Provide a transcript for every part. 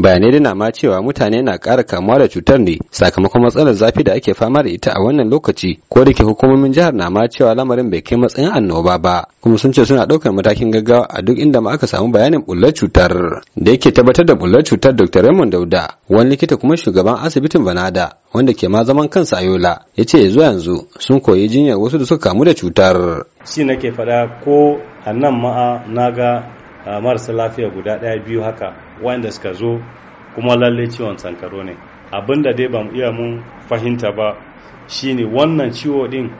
bayanai na ma cewa mutane na ƙara kamuwa da cutar ne sakamakon matsalar zafi da ake fama da ita a wannan lokaci ko da ke hukumomin jihar na ma cewa lamarin bai kai matsayin annoba ba kuma sun ce suna ɗaukar matakin gaggawa a duk inda ma aka samu bayanin bullar cutar da yake tabbatar da bullar cutar dr raymond dauda wani likita kuma shugaban asibitin banada wanda ke ma zaman kansa a yola ya ce zuwa yanzu sun koyi jinyar wasu da suka kamu da cutar shi nake faɗa ko a nan ma'a na ga Ah, marasa lafiya guda daya biyu haka wanda suka zo kuma lalle ciwon sankaro ne abinda dai ba mu iya mun fahimta ba shine wannan ciwo din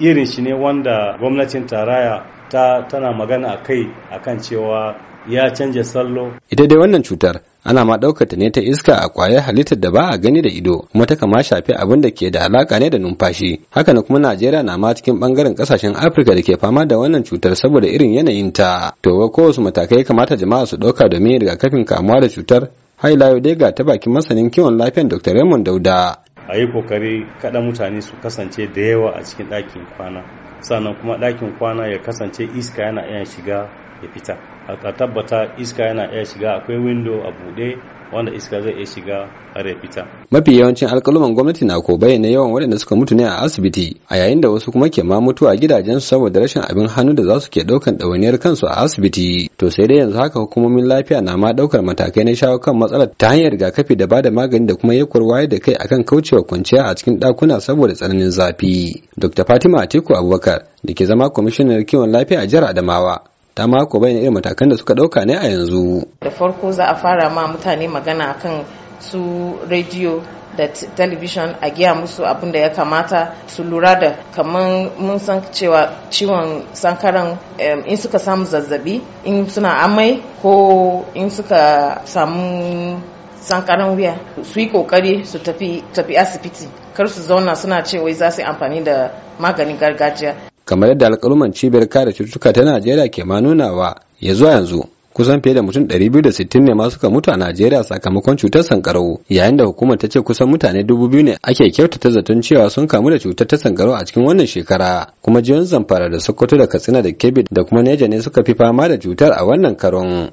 irin shi ne wanda gwamnatin taraya ta tana magana a kai akan cewa ya canja sallo ita dai wannan cutar ana ma ɗaukar ta ne ta iska a ƙwayar halittar da ba a gani da ido kuma ta kama shafi abin da ke da alaƙa ne da numfashi haka na kuma najeriya na ma cikin ɓangaren ƙasashen afirka da ke fama da wannan cutar saboda irin yanayin ta to ko wasu matakai kamata jama'a su ɗauka domin rigakafin kamuwa da cutar hai layo dai ga ta bakin masanin kiwon lafiyar dr raymond dauda a yi kokari kada mutane su kasance da yawa a cikin ɗakin kwana sannan kuma ɗakin kwana ya kasance iska yana iya shiga ya fita a tabbata iska yana iya shiga akwai windo a buɗe wanda iska zai iya shiga har ya fita. Mafi yawancin alkaluman gwamnati na ko bayyana yawan waɗanda suka mutu ne a asibiti a yayin da wasu kuma ke ma mutuwa a gidajensu saboda rashin abin hannu da za su ke ɗaukar ɗawainiyar kansu a asibiti. To sai dai yanzu haka hukumomin lafiya na ma ɗaukar matakai na shawo kan matsalar ta hanyar rigakafi da bada magani da kuma yakwar wayar da kai akan kaucewa kwanciya a cikin ɗakuna saboda tsananin zafi. Dr. Fatima Atiku Abubakar da ke zama kwamishinan kiwon lafiya a jihar Adamawa ta mako bayan irin matakan da suka dauka ne a yanzu da farko za a fara ma mutane magana kan su rediyo da television a giya musu abin da ya kamata su lura da kamar mun san cewa ciwon sankaran in suka samu zazzabi in suna amai ko in suka samu sankaran wuya su yi kokari su tafi asibiti kar su zauna suna cewa za su yi amfani da maganin gargajiya kamar yadda alƙaluman cibiyar kare cututtuka ta najeriya ke ma nunawa ya zuwa yanzu kusan fiye da mutum 260 ne ma suka mutu a Najeriya sakamakon cutar sankarau yayin da hukumar ta ce kusan mutane 2000 ne ake kyautata zaton cewa sun kamu da cutar ta sankarau a cikin wannan shekara kuma jiyon Zamfara da Sokoto da Katsina da Kebbi da kuma Neja ne suka fi fama da cutar a wannan karon.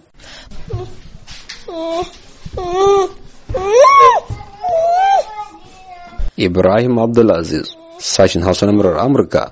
Ibrahim Abdulaziz, sashin Hausa na Amurka